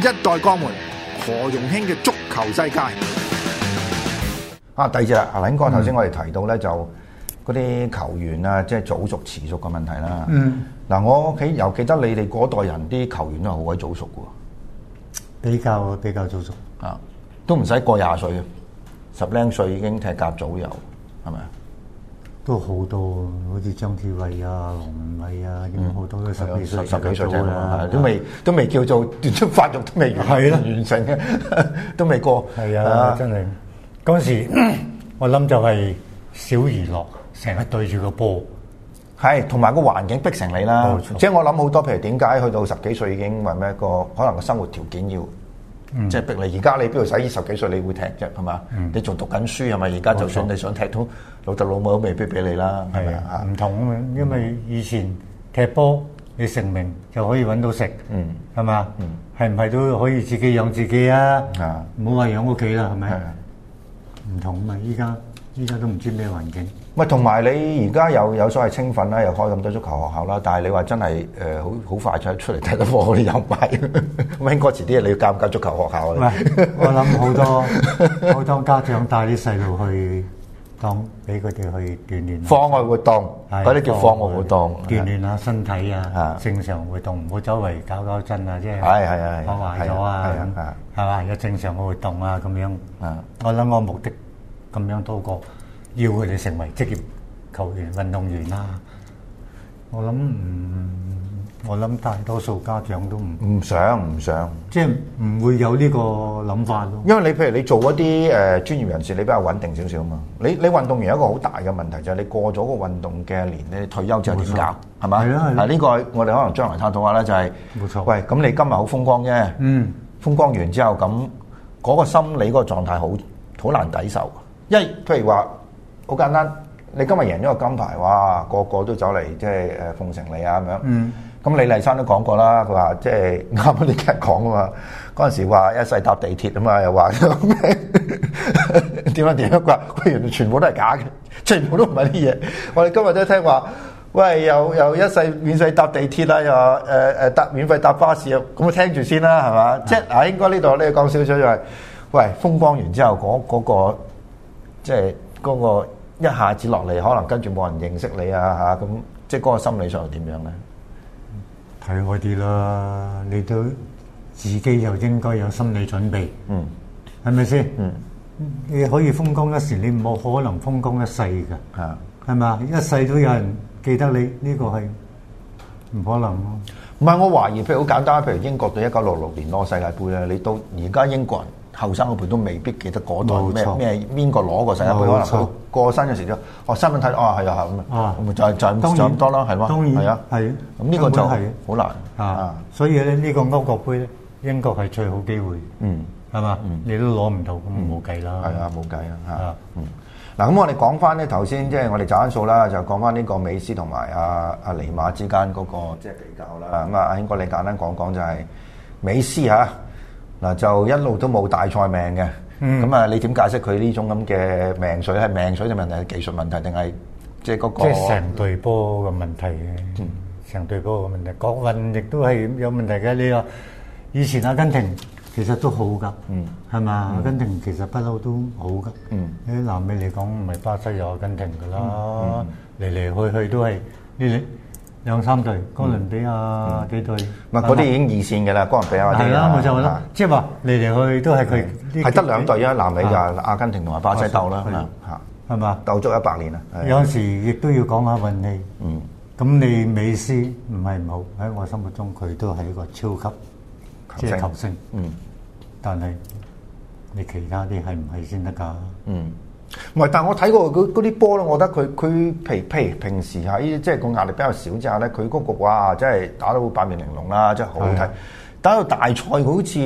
一代鋼門何容興嘅足球世界啊！第二隻阿林哥，頭先，嗯、我哋提到咧，就嗰啲球員，嗯、啊，即係早熟遲熟嘅問題啦。嗯，嗱，我屋企又記得你哋嗰代人啲球員都係好鬼早熟嘅，比較比較早熟啊，都唔使過廿歲，十零歲已經踢甲組有，係咪啊？都好多，好似張志偉、嗯、啊、龍偉啊，咁好多都十幾歲、十幾歲真係啦，都未都未叫做練出發育都未完，完成嘅都未過。係啊，真係嗰陣時，我諗就係少娛樂，成日對住個波，係同埋個環境逼成你啦。冇錯。即係我諗好多，譬如點解去到十幾歲已經為咩個可能個生活條件要？嗯、即係逼你，而家你邊度使？二十幾歲你會踢啫，係嘛？嗯、你仲讀緊書係咪？而家就算你想踢都老豆老母都未必俾你啦，係咪啊？唔同啊嘛，嗯嗯、因為以前踢波你成名就可以揾到食，係嘛？係唔係都可以自己養自己啊？唔好話養屋企啦，係咪？唔同啊嘛，依家依家都唔知咩環境。唔係，同埋你而家有有所謂青訓啦，又開咁多足球學校啦。但係你話真係誒好好快出出嚟睇到波，你又買咁應該遲啲，你要教唔教足球學校啊？唔係，我諗好多好多家長帶啲細路去當俾佢哋去鍛鍊。課外活動，嗰啲叫課外活動，鍛鍊下身體啊，正常活動，唔好周圍搞搞震啊，即係係係啊，我壞咗啊，係啊，係嘛，有正常嘅活動啊，咁樣啊，我諗我目的咁樣都過。要佢哋成為職業球員、運動員啦，我諗唔，我諗大多數家長都唔唔想，唔想，即係唔會有呢個諗法咯。因為你譬如你做一啲誒專業人士，你比較穩定少少啊嘛。你你運動員有一個好大嘅問題，就係你過咗個運動嘅年，你退休之後點搞？係咪？係啊，係啊。嗱，呢個我哋可能將來探討下咧，就係冇錯。喂，咁你今日好風光啫，嗯，風光完之後咁，嗰個心理嗰個狀態好好難抵受。因為譬如話。好簡單，你今日贏咗個金牌，哇！個個都走嚟即係誒奉承你啊咁樣。咁、嗯嗯、李麗珊都講過啦，佢話即係啱啱你人講啊嘛，嗰陣時話一世搭地鐵啊嘛，又話點 樣點、啊、樣啩？佢原來全部都係假嘅，全部都唔係啲嘢。我哋今日都聽話，喂又又一世免費搭地鐵啦，又話誒誒搭免費搭巴士我啊，咁的啊聽住先啦，係嘛？即係嗱，應該呢度呢個講少少就係、是，喂，風光完之後嗰即係嗰個。嗰個嗰個嗰個一下子落嚟，可能跟住冇人認識你啊！吓，咁，即係嗰個心理上係點樣咧？睇開啲啦，你對自己又應該有心理準備，嗯，係咪先？嗯，你可以風光一時，你唔冇可能風光一世嘅，係咪是？一世都有人記得你，呢、嗯、個係，唔可能咯。唔係。我懷疑，譬如好簡單，譬如英國對一九六六年攞世界盃啊，你到而家英國人。後生嗰輩都未必記得嗰代咩咩，邊個攞過世界杯，可能過過身嘅時咗，哦新聞睇，到，哦係啊係咁啊，咁咪再再再唔多咯，係咯，係啊，係。咁呢個就係好難嚇。所以咧，呢個歐國杯咧，英國係最好機會，嗯，係嘛，你都攞唔到咁冇計啦，係啊，冇計啊嚇，嗱咁我哋講翻咧頭先，即係我哋集奀數啦，就講翻呢個美斯同埋阿阿尼馬之間嗰個即係比較啦。咁啊，阿興哥你簡單講講就係美斯嚇。嗱，就一路都冇大賽命嘅。咁啊，你點解釋佢呢種咁嘅命水？係命水嘅問題，係技術問題定係即係嗰個成隊波嘅問題嘅？成隊波嘅問題，國運亦都係有問題嘅。呢個以前阿根廷其實都好噶，係嘛？阿根廷其實不嬲都好噶。喺南美嚟講，唔係巴西又阿根廷噶啦，嚟嚟去去都係你。兩三隊，哥倫比亞幾隊？唔係嗰啲已經二線嘅啦，哥倫比亞係啦，冇錯啦，我就覺得，即係話嚟嚟去都係佢，係得兩隊啊，南美就係阿根廷同埋巴西鬥啦，嚇係咪？鬥足一百年啊！有時亦都要講下運氣。嗯，咁你美斯唔係唔好喺我心目中，佢都係一個超級即係球星。嗯，但係你其他啲係唔係先得㗎？嗯。唔係，但係我睇過嗰啲波咧，我覺得佢佢皮皮平時喺、啊、即係個壓力比較少之下咧，佢嗰局哇真係打到八面玲瓏啦，真係好好睇。是打到大賽好似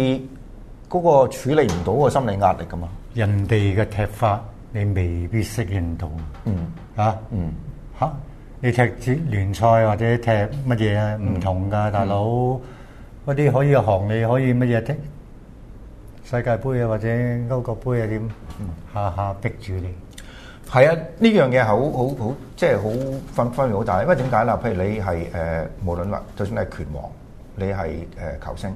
嗰個處理唔到個心理壓力噶嘛。人哋嘅踢法你未必適應到。嗯啊嗯嚇，你踢聯賽或者踢乜嘢唔同噶，大佬嗰啲、嗯、可以行，你可以乜嘢踢？世界杯啊，或者歐國杯啊，點下下逼住你？係、嗯、啊，呢樣嘢好好好，即係好分分量好大。因為點解啦？譬如你係誒、呃，無論話就算你係拳王，你係誒、呃、球星，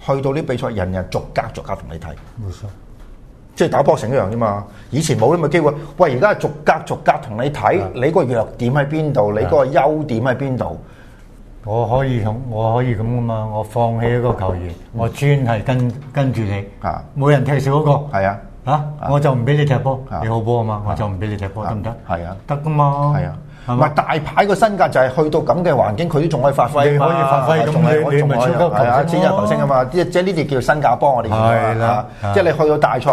去到啲比賽，人人逐格逐格同你睇。冇錯錯，即係打波成一樣啫嘛。以前冇呢個機會，喂！而家係逐格逐格同你睇，的你個弱點喺邊度？你個優點喺邊度？我可以咁，我可以咁噶嘛！我放棄一個球員，我專係跟跟住你，冇人踢少嗰個。係啊，嚇我就唔俾你踢波。你好波啊嘛，我就唔俾你踢波得唔得？係啊，得噶嘛。係啊，唔係大牌個身格就係去到咁嘅環境，佢都仲可以發揮。你可以發揮，仲係仲係係啊！先有球星啊嘛，即係呢啲叫新加坡，我哋。係啦，即係你去到大賽，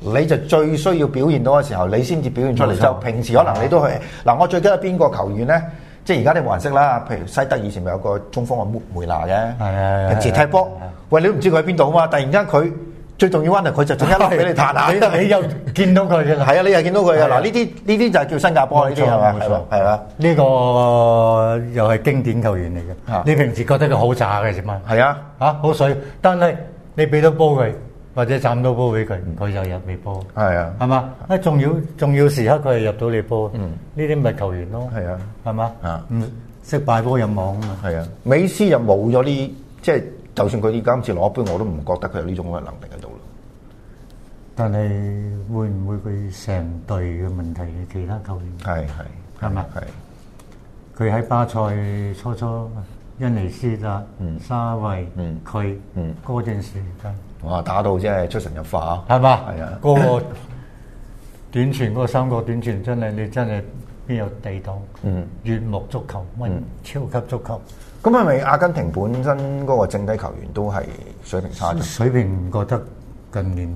你就最需要表現到嘅時候，你先至表現出嚟。就平時可能你都去嗱，我最驚係邊個球員咧？即係而家啲還式啦，譬如西德以前咪有個中鋒啊梅拿嘅，係啊，平時踢波，喂，你都唔知佢喺邊度啊嘛，突然間佢最重要問題，佢就中間落俾你彈下，你又見到佢，係啊，你又見到佢啊，嗱呢啲呢啲就係叫新加坡呢啲係嘛，係嘛，係呢個又係經典球員嚟嘅，你平時覺得佢好渣嘅點啊？係啊，嚇好水，但係你俾到波佢。或者斬到波俾佢，佢就入你波。係啊，係嘛？啊，重要重要時刻佢係入到你波。嗯，呢啲咪球員咯。係啊，係嘛？啊，吧啊嗯，識擺波入網啊嘛。係啊，美斯又冇咗啲，即、就、係、是、就算佢而家今次攞一杯，我都唔覺得佢有呢種咁嘅能力喺度咯。但係會唔會佢成隊嘅問題？其他球員係係係嘛？係佢喺巴塞初初。恩尼斯達、沙維，佢嗰陣時間，哇！打到真係出神入化啊！係嘛吧？係啊是的！嗰個短傳嗰個三個短傳，真係你真係邊有地道？嗯，悅目足球，嗯，超級足球。咁係咪阿根廷本身嗰個正體球員都係水平差咗？水平覺得近年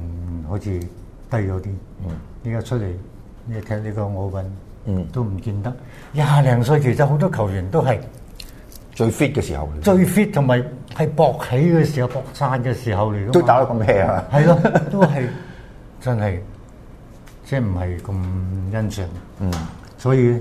好似低咗啲。嗯，依家出嚟，你睇呢個奧運，嗯，都唔見得。廿零歲其實好多球員都係。最 fit 嘅時候，最 fit 同埋係搏起嘅時候，搏散嘅時候嚟嘅。都打得咁 hea 啊！係咯，都係真係，即係唔係咁欣賞。嗯，所以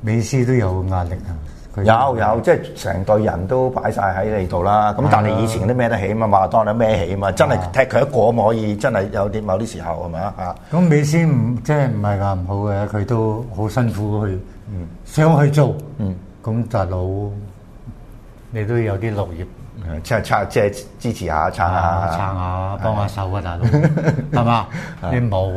美斯都有壓力啊。有有，即係成隊人都擺曬喺你度啦。咁但係以前都孭得起嘛，麥當娜孭起嘛，真係踢佢一個都可以。真係有啲某啲時候係咪啊？咁美斯唔即係唔係話唔好嘅，佢都好辛苦去，想去做。咁大佬，你都有啲綠葉，撐撐即係支持下撐下，撐下幫下手啊！大佬，係嘛？你冇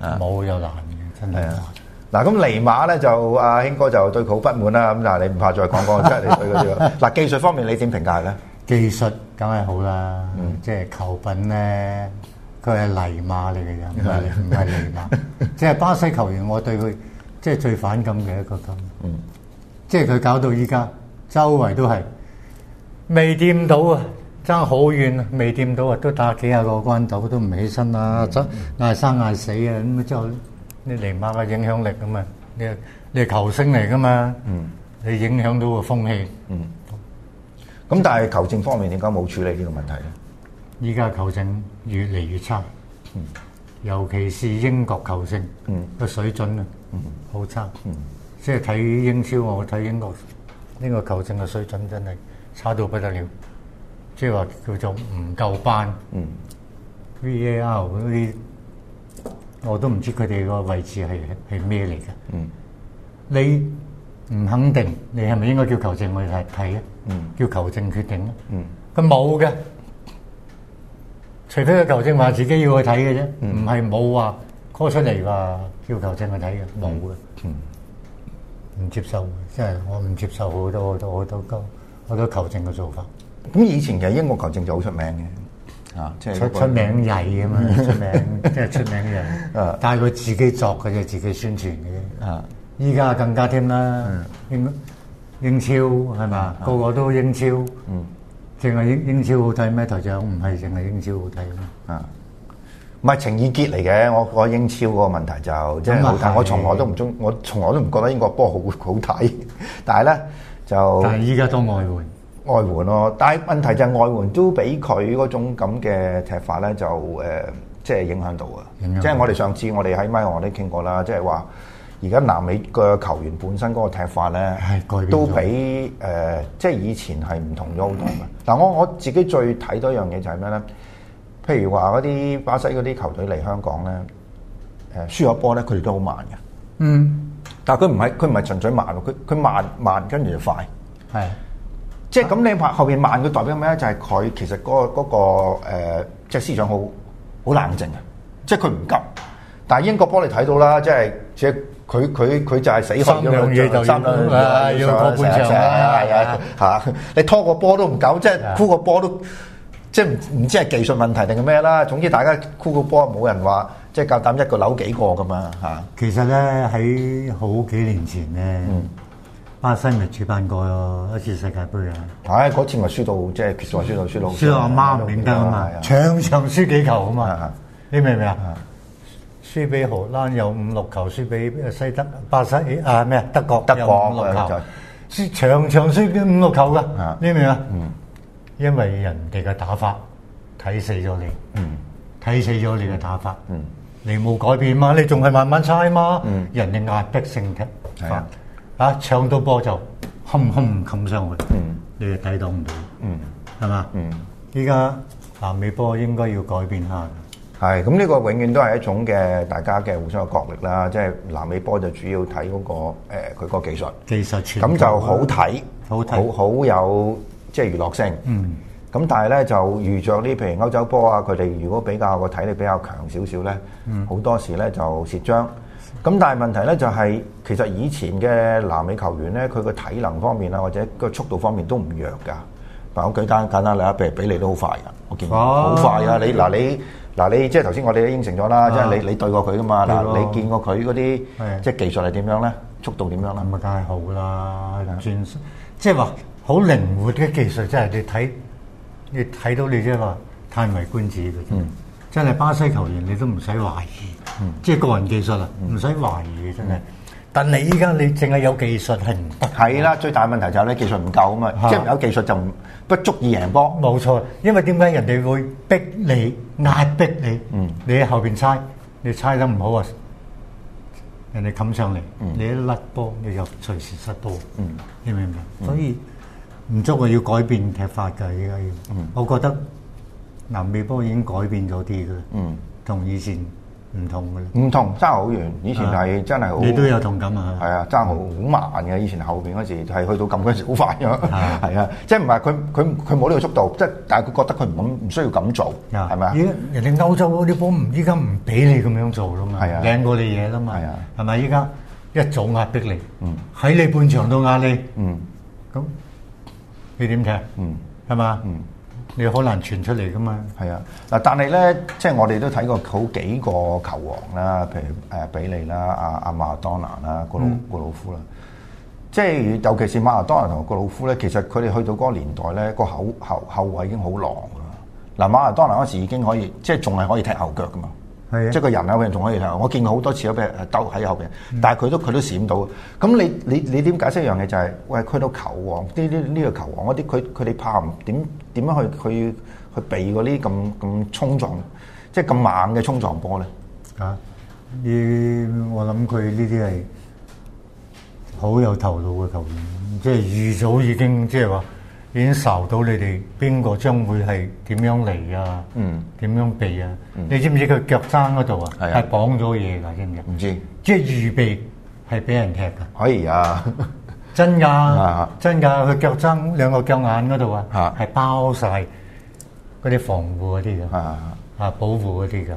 冇就難嘅，真係啊！嗱，咁尼馬咧就阿興哥就對佢好不滿啦。咁嗱，你唔怕再講講即係你對佢？嗱，技術方面你點評價咧？技術梗係好啦，即係球品咧，佢係尼馬嚟嘅人，唔係尼馬，即係巴西球員。我對佢即係最反感嘅一個咁，嗯。即係佢搞到依家，周圍都係未掂到啊！差好遠啊，未掂到啊！都打幾啊個關斗都唔起身啊，爭嗌生嗌死啊！咁咪之後，你尼瑪嘅影響力咁啊！你你係球星嚟噶嘛？嗯，你影響到個風氣。嗯。咁但係球證方面點解冇處理呢個問題咧？依家球證越嚟越差。嗯。尤其是英國球證。嗯。個水準啊，嗯，好差。嗯。即係睇英超，我睇英國呢個球證嘅水準真係差到不得了。即係話叫做唔夠班，VAR 嗰啲我都唔知佢哋個位置係係咩嚟嘅。嗯、你唔肯定，你係咪應該叫球證去睇睇咧？叫球證決定咧？佢冇嘅，除非個球證話、嗯、自己要去睇嘅啫，唔係冇話 call 出嚟話叫球證去睇嘅，冇嘅。唔接受，即係我唔接受好多好多好多多好多球證嘅做法。咁以前嘅英國球證就好出名嘅，啊，即係出名曳咁樣，出名即係出名嘅人。但係佢自己作，嘅，就自己宣傳嘅。啊，依家更加添啦，英超係嘛，個個都英超。嗯，淨係英英超好睇咩台長？唔係淨係英超好睇啊。唔係情意結嚟嘅，我我英超嗰個問題就即係，但我從來都唔中，我從來都唔覺得英國波好好睇。 但係咧就，但係依家都外援，外援咯。但係問題就係外援都比佢嗰種咁嘅踢法咧就誒、呃，即係影響到啊！到即係我哋上次我哋喺咪當呢傾過啦，即係話而家南美嘅球員本身嗰個踢法咧，係改都比誒、呃，即係以前係唔同咗好多嘅。嗱、嗯，我我自己最睇多一樣嘢就係咩咧？譬如話嗰啲巴西嗰啲球隊嚟香港咧，誒輸咗波咧，佢哋都好慢嘅。嗯，但係佢唔係佢唔係純粹慢，佢佢慢慢，跟住就快。係，即係咁你拍後邊慢，佢代表咩咧？就係佢其實嗰個嗰個誒，即係思想好好冷靜嘅，即係佢唔急。但係英國波你睇到啦，即係即係佢佢佢就係死開咁樣，嘢就三兩啦，要你拖個波都唔夠，即係箍個波都。即係唔知係技術問題定係咩啦，總之大家箍個波，冇人話，即係夠膽一個扭幾個噶嘛嚇。其實咧喺好幾年前咧，巴西咪主辦過一次世界盃啊。唉，嗰次咪輸到即係決賽輸到輸到，輸到阿媽唔認得啊嘛，長場輸幾球啊嘛，你明唔明啊？輸俾荷蘭有五六球，輸俾西德、巴西啊咩啊德國有五六球，輸長場輸嘅五六球噶，你明唔明？因為人哋嘅打法睇死咗你，睇死咗你嘅打法，你冇改變嘛？你仲係慢慢猜嘛？人哋壓迫性嘅，啊搶到波就哼哼，冚上去，你就抵擋唔到，係嘛？依家南美波應該要改變下嘅。係，咁呢個永遠都係一種嘅大家嘅互相嘅角力啦。即係南美波就主要睇嗰個誒佢嗰技術，技術傳，咁就好睇，好好有。即係娛樂性，咁但係咧就遇着呢，譬如歐洲波啊，佢哋如果比較個體力比較強少少咧，好多時咧就蝕章。咁但係問題咧就係，其實以前嘅南美球員咧，佢個體能方面啊，或者個速度方面都唔弱㗎。嗱，我舉單簡單例啊，譬如比利都好快㗎，我見好快啊！你嗱你嗱你，即係頭先我哋都應承咗啦，即係你你對過佢㗎嘛嗱，你見過佢嗰啲即係技術係點樣咧？速度點樣咧？咁啊，梗係好啦，轉即係話。好靈活嘅技術，即係你睇，你睇到你即係話歎為觀止嘅啫。嗯，真係巴西球員，你都唔使懷疑。嗯，即係個人技術啊，唔使懷疑嘅真係。但你依家你淨係有技術係唔得。係啦，最大問題就係咧技術唔夠啊嘛。即係有技術就不足以贏波，冇錯。因為點解人哋會逼你壓迫你？嗯，你喺後邊猜，你猜得唔好啊，人哋冚上嚟，你一甩波，你就隨時失波。嗯，你明唔明啊？所以。唔足啊！要改變踢法㗎，依家要。嗯。我覺得南美波已經改變咗啲嘅。嗯。同以前唔同嘅。唔同，爭好遠。以前係真係好。你都有同感啊？係啊，爭好好慢嘅。以前後邊嗰時係去到咁嗰時好煩嘅。係啊。係啊，即係唔係佢佢佢冇呢個速度，即係但係佢覺得佢唔咁唔需要咁做，係咪啊？而家人哋歐洲嗰啲波唔依家唔俾你咁樣做啦嘛。係啊。靚過你嘢啦嘛。係啊。係咪依家一早壓迫你？嗯。喺你半場都壓你。嗯。咁。你點踢？嗯，係嘛吧？嗯，你好難傳出嚟噶嘛？係啊，嗱，但係咧，即係我哋都睇過好幾個球王啦，譬如誒、呃、比利啦、阿、啊、阿、啊、馬勒當拿啦，啦、告魯告魯夫啦，嗯、即係尤其是馬勒當拿同告魯夫咧，其實佢哋去到嗰個年代咧，個後後後衞已經好狼噶啦。嗱，馬勒當拿嗰時已經可以，即係仲係可以踢後腳噶嘛。即係個人啊，人仲可以啊！我見過好多次都俾人兜喺後邊，但係佢都佢都閃到。咁你你你點解釋一樣嘢，就係？就係喂，佢到球王呢啲呢個球王嗰啲，佢佢哋怕唔點點樣去去去，去避嗰啲咁咁衝撞，即係咁猛嘅衝撞波咧？啊！我諗佢呢啲係好有頭腦嘅球員，即係預早已經即係話。已經受到你哋，邊個將會係點樣嚟啊？嗯，點樣避啊？你知唔知佢腳踭嗰度啊？係綁咗嘢㗎，知唔知？唔知。即係預備係俾人踢㗎。可以啊，真㗎，真㗎。佢腳踭兩個腳眼嗰度啊，係包晒嗰啲防護嗰啲嘅，嚇保護嗰啲㗎。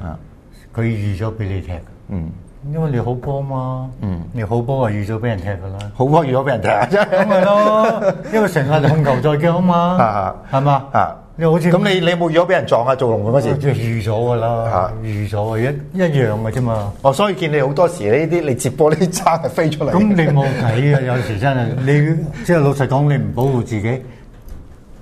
佢預咗俾你踢。嗯。因為你好波嘛，嗯，你好波啊，預咗俾人踢噶啦，好波預咗俾人踢，咁咪咯，因為成日控球再叫啊嘛，係嘛，啊，你好似咁你你冇預咗俾人撞啊？做龍門嗰時，預咗噶啦，預咗一一樣嘅啫嘛。哦，所以見你好多時呢啲你接波呢啲差係飛出嚟，咁你冇睇啊？有時真係，你即係老實講，你唔保護自己，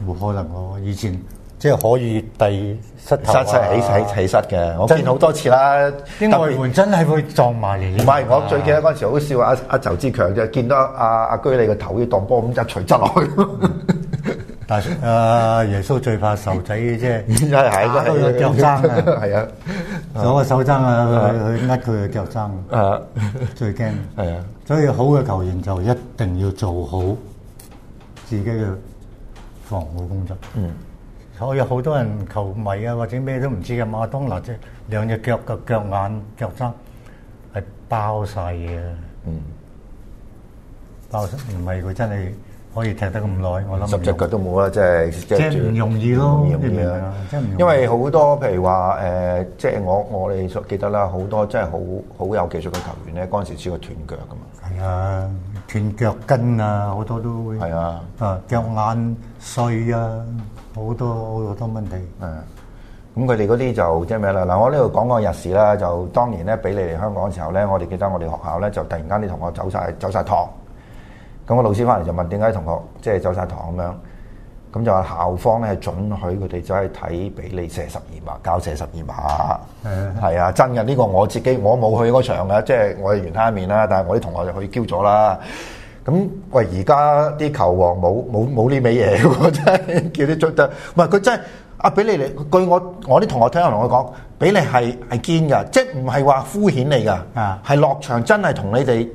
冇可能咯。以前。即係可以第失失失起起起失嘅，我見好的多次啦。啲外援然真係會撞埋嚟。唔係，我最記得嗰陣時好笑，阿阿仇志強就見到阿、啊、阿、啊、居里個頭要當波咁一捶執落去。但係啊， uh, 耶穌最怕仇仔嘅啫，打到個腳踭 啊，係啊，攞個手踭啊去去扼佢個腳踭啊，他他 最驚係啊。所以好嘅球員就一定要做好自己嘅防護工作。嗯。我有好多人球迷啊，或者咩都唔知嘅。馬當拿隻兩隻腳嘅腳眼腳踭係包曬嘅，包唔係佢真係可以踢得咁耐。我諗十隻腳都冇啦，即係即係唔容易咯，因為好多譬如話誒，即係我我哋記得啦，好多真係好好有技術嘅球員咧，嗰陣時試過斷腳噶嘛。係啊，斷腳筋啊，好多都會係啊，啊腳眼碎啊。好多好多問題。誒、嗯，咁佢哋嗰啲就即係咩啦？嗱，我呢度講個日事啦。就當年咧，比利嚟香港嘅時候咧，我哋記得我哋學校咧就突然間啲同學走晒走曬堂。咁個老師翻嚟就問點解同學即係、就是、走晒堂咁樣？咁就話校方咧係准許佢哋走去睇比利射十二碼，交射十二碼。係啊，啊，真嘅呢、這個我自己我冇去嗰場嘅，即、就、係、是、我係原灘面啦，但係我啲同學就去嬌咗啦。咁、嗯、喂，而家啲球王冇冇冇呢味嘢， 真係叫啲追得，唔係佢真係啊，比利嚟。據我我啲同學聽人同我講，比利係係堅㗎，即係唔係話敷衍你㗎，係、啊、落場真係同你哋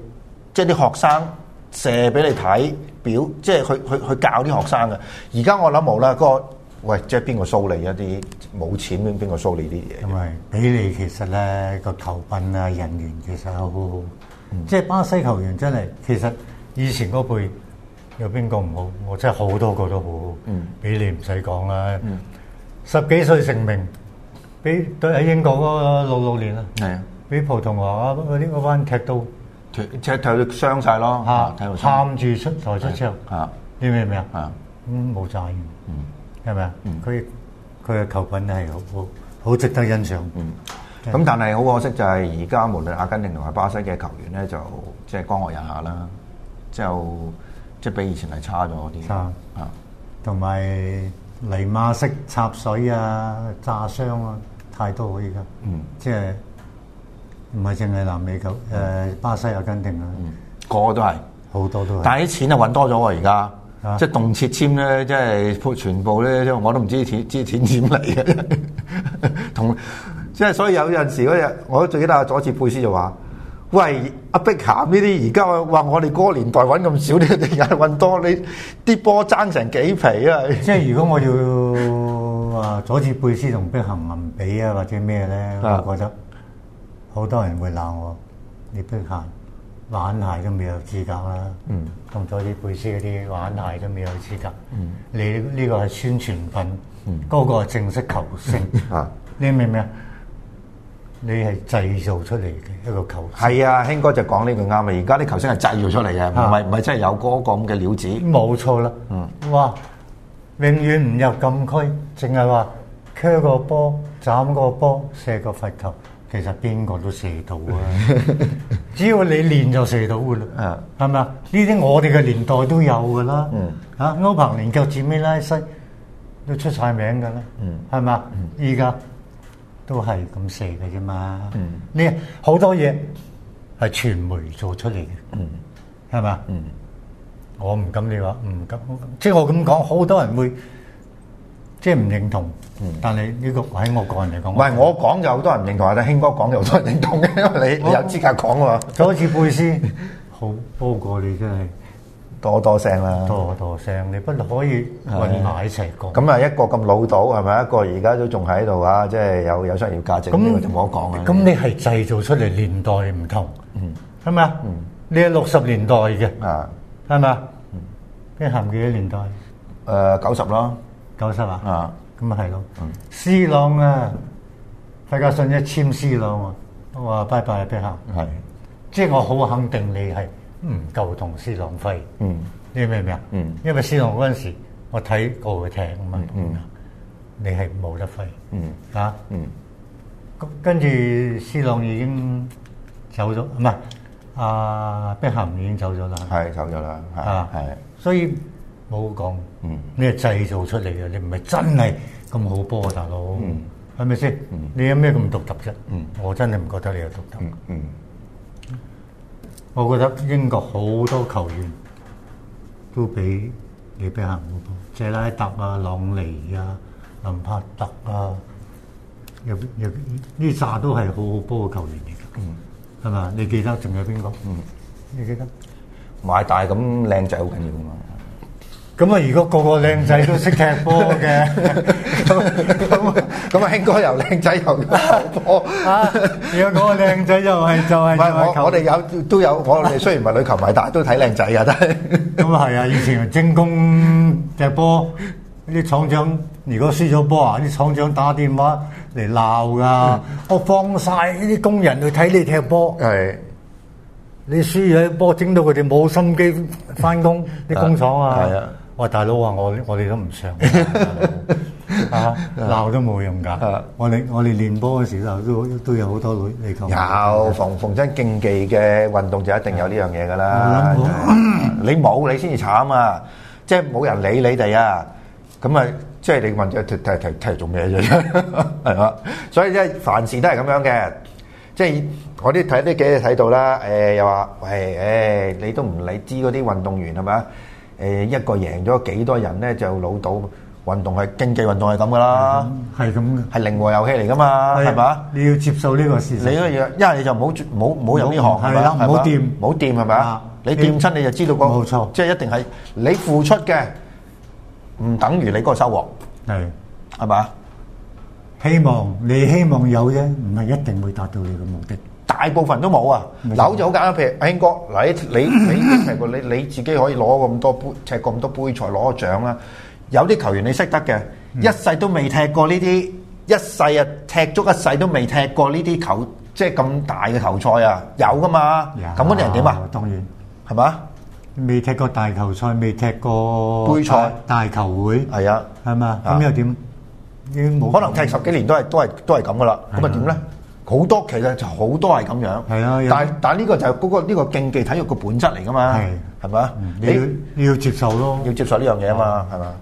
即係啲學生射俾你睇，表即係去去去教啲學生嘅。而家我諗冇啦，嗰個喂即係邊個騷你一啲冇錢邊邊個騷你啲嘢？因為、嗯、比利，其實咧個球品啊人緣其實好好，即係、嗯、巴西球員真係其實。以前嗰輩有邊個唔好？我真係好多個都好好，比你唔使講啦。十幾歲成名，比對喺英國嗰個六六年啦，比葡萄牙嗰啲嗰班踢到，踢到傷曬咯嚇，喊住出台出場，你明唔明啊？咁武則賢，係咪啊？佢佢嘅球品係好好，好值得欣賞。咁但係好可惜就係而家無論阿根廷同埋巴西嘅球員咧，就即係光害人下啦。就即係比以前係差咗啲，差啊，同埋尼馬式插水啊、炸傷啊，太多。而家，嗯，即係唔係淨係南美球，誒、嗯呃，巴西、阿根廷啊，個個都係，好多都係。但係啲錢啊，揾多咗喎！而家，即係動切簽咧，即係全部咧，我都唔知錢，知錢點嚟嘅。 同即係 所以有陣時嗰日，我最記得阿佐治貝斯就話。喂，阿、啊、碧咸呢啲而家話我哋嗰個年代揾咁少，你哋揾多，你啲波爭成幾皮啊！即係如果我要話佐治貝斯同碧咸唔比啊，或者咩咧？我覺得好多人會鬧我。你碧咸玩鞋都未有資格啦、啊，同佐治貝斯嗰啲玩鞋都未有資格。嗯、你呢個係宣傳品，嗰、嗯、個係正式球星。嗯嗯、你明唔明啊？你係製造出嚟嘅一個球，係啊，興哥就講呢句啱啊！而家啲球星係製造出嚟嘅，唔係唔係真係有嗰、嗰個咁嘅、嗰個、料子。冇、啊、錯啦，哇！永遠唔入禁區，淨係話 curve 個波、斬個波、射個罰球，其實邊個都射到啊！ 只要你練就射到噶啦，係咪啊？呢啲我哋嘅年代都有噶啦，嚇歐朋連腳趾尾拉西都出晒名噶啦，係嘛、嗯？而家、嗯。都係咁寫嘅啫嘛，呢好多嘢係傳媒做出嚟嘅，係嘛？我唔敢你話，唔敢，即係我咁講，好多人會即係唔認同。但係呢個喺我個人嚟講，唔係我講就好多人認同，或者興哥講又好多人認同嘅，因為你你有資格講喎。就好似貝斯，好高過你真係。多多聲啦！多多聲，你不可以混埋一齊講。咁啊，一個咁老到係咪啊？一個而家都仲喺度啊！即係有有商業價值，咁就同我講啦。咁你係製造出嚟年代唔同，嗯，係咪啊？嗯，你係六十年代嘅，啊，係咪啊？嗯，碧鹹幾多年代？誒，九十啦，九十啊，啊，咁啊係咯。嗯，C 朗啊，費嘉信一簽 C 朗啊，我話拜拜碧鹹，係，即係我好肯定你係。唔夠同斯朗揮，啲咩咩啊？因為斯朗嗰陣時，我睇過佢踢啊嘛，你係冇得揮，嚇。咁跟住斯朗已經走咗，唔係阿碧涵已經走咗啦，係走咗啦，嚇。所以冇講，你係製造出嚟嘅，你唔係真係咁好波啊，大佬，係咪先？你有咩咁獨特啫？我真係唔覺得你有獨特。我覺得英國好多球員都比碧咸好波，謝拉特啊、朗尼啊、林柏特啊，入入呢扎都係好好波嘅球員嚟嘅，係嘛、嗯？你記得仲有邊個？嗯、你記得？買大咁靚仔好緊要㗎嘛？咁啊！如果個個靚仔都識踢波嘅，咁啊，咁啊，興哥又靚仔又踢波，如果嗰個靚仔就係就係我哋有都有，我哋雖然唔係女球迷，但係都睇靚仔啊！真係咁啊，係啊！以前啊，精工踢波，啲廠長如果輸咗波啊，啲廠長打電話嚟鬧㗎，我放晒呢啲工人去睇你踢波，係你輸咗波，整到佢哋冇心機翻工啲工廠啊！喂，大佬話我我哋都唔上，鬧都冇用㗎。我哋我哋練波嘅時候就都都有好多女。有逢逢真競技嘅運動就一定有呢樣嘢㗎啦。你冇你先至慘啊！即係冇人理你哋啊！咁啊，即係你問踢踢踢做咩啫？係啊！所以即係凡事都係咁樣嘅。即係我啲睇呢幾日睇到啦。誒又話：喂，誒你都唔理知嗰啲運動員係咪啊？誒一個贏咗幾多人咧就攞到運動，係競技運動係咁噶啦，係咁嘅，係零和遊戲嚟噶嘛，係嘛？你要接受呢個事實。你嗰樣一係就唔好唔好唔好有呢行，唔好掂唔好掂，係咪啊？你掂親你就知道講，冇錯，即係一定係你付出嘅唔等於你個收穫，係係嘛？希望你希望有啫，唔係一定會達到你嘅目的。大部分都冇啊，樓就好簡單。譬如阿興哥，嗱你你你踢過你你自己可以攞咁多杯踢咁多杯賽攞個獎啦。有啲球員你識得嘅，一世都未踢過呢啲，一世啊踢足一世都未踢過呢啲球，即係咁大嘅球賽啊，有噶嘛？咁嗰啲人點啊？當然係嘛？未踢過大球賽，未踢過杯賽、大球會，係啊，係嘛？咁又點？你冇可能踢十幾年都係都係都係咁噶啦？咁啊點咧？好多其實就好多係咁樣，啊、但係但係呢個就係嗰、那個嗰個呢、呢個競技體育嘅本質嚟㗎嘛，係咪啊？你要、欸、要接受咯， 要接受呢樣嘢啊嘛，係嘛，嗯？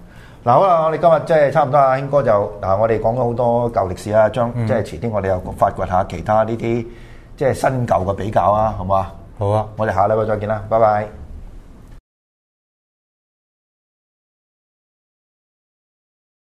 嗱好啦，我哋今日即係差唔多啦，興哥就嗱，我哋講咗好多舊歷史啊，將即係遲啲我哋又發掘下其他呢啲即係新舊嘅比較啊，好唔好啊？好啊，我哋下個禮拜再見啦，拜拜。